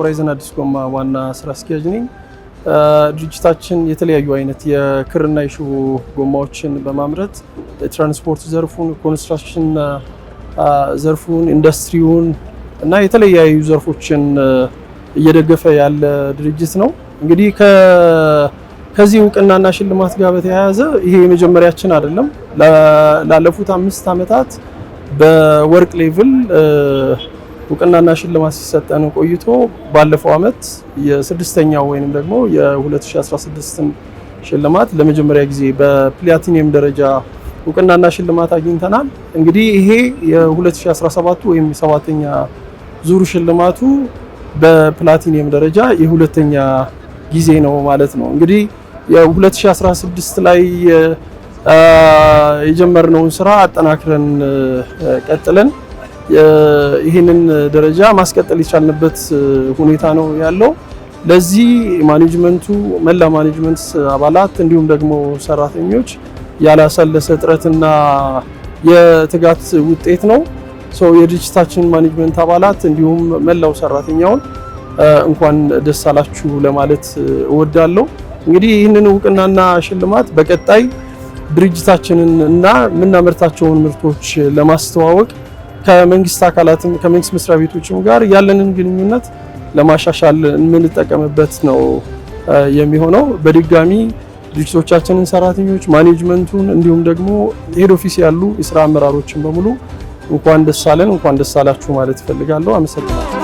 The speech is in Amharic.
ሆራይዘን አዲስ ጎማ ዋና ስራ አስኪያጅ ነኝ። ድርጅታችን የተለያዩ አይነት የክርና የሽቦ ጎማዎችን በማምረት የትራንስፖርት ዘርፉን፣ ኮንስትራክሽን ዘርፉን፣ ኢንዱስትሪውን እና የተለያዩ ዘርፎችን እየደገፈ ያለ ድርጅት ነው። እንግዲህ ከዚህ እውቅናና ሽልማት ጋር በተያያዘ ይሄ የመጀመሪያችን አይደለም። ላለፉት አምስት ዓመታት በወርቅ ሌቭል እውቅናና ሽልማት ሲሰጠን ቆይቶ ባለፈው ዓመት የስድስተኛው ወይንም ደግሞ የ2016 ሽልማት ለመጀመሪያ ጊዜ በፕላቲኒየም ደረጃ እውቅናና ሽልማት አግኝተናል። እንግዲህ ይሄ የ2017 ወይም ሰባተኛ ዙር ሽልማቱ በፕላቲኒየም ደረጃ የሁለተኛ ጊዜ ነው ማለት ነው። እንግዲህ የ2016 ላይ የጀመርነውን ስራ አጠናክረን ቀጥለን ይህንን ደረጃ ማስቀጠል የቻልንበት ሁኔታ ነው ያለው። ለዚህ ማኔጅመንቱ መላ ማኔጅመንት አባላት እንዲሁም ደግሞ ሰራተኞች ያላሰለሰ ጥረትና የትጋት ውጤት ነው። ሰው የድርጅታችን ማኔጅመንት አባላት እንዲሁም መላው ሰራተኛውን እንኳን ደስ አላችሁ ለማለት እወዳለሁ። እንግዲህ ይህንን እውቅናና ሽልማት በቀጣይ ድርጅታችንን እና የምናመርታቸውን ምርቶች ለማስተዋወቅ ከመንግስት አካላትም ከመንግስት መስሪያ ቤቶችም ጋር ያለንን ግንኙነት ለማሻሻል የምንጠቀምበት ነው የሚሆነው። በድጋሚ ድርጅቶቻችንን፣ ሰራተኞች፣ ማኔጅመንቱን እንዲሁም ደግሞ ሄድ ኦፊስ ያሉ የስራ አመራሮችን በሙሉ እንኳን ደስ አለን፣ እንኳን ደስ አላችሁ ማለት እፈልጋለሁ። አመሰግናለሁ።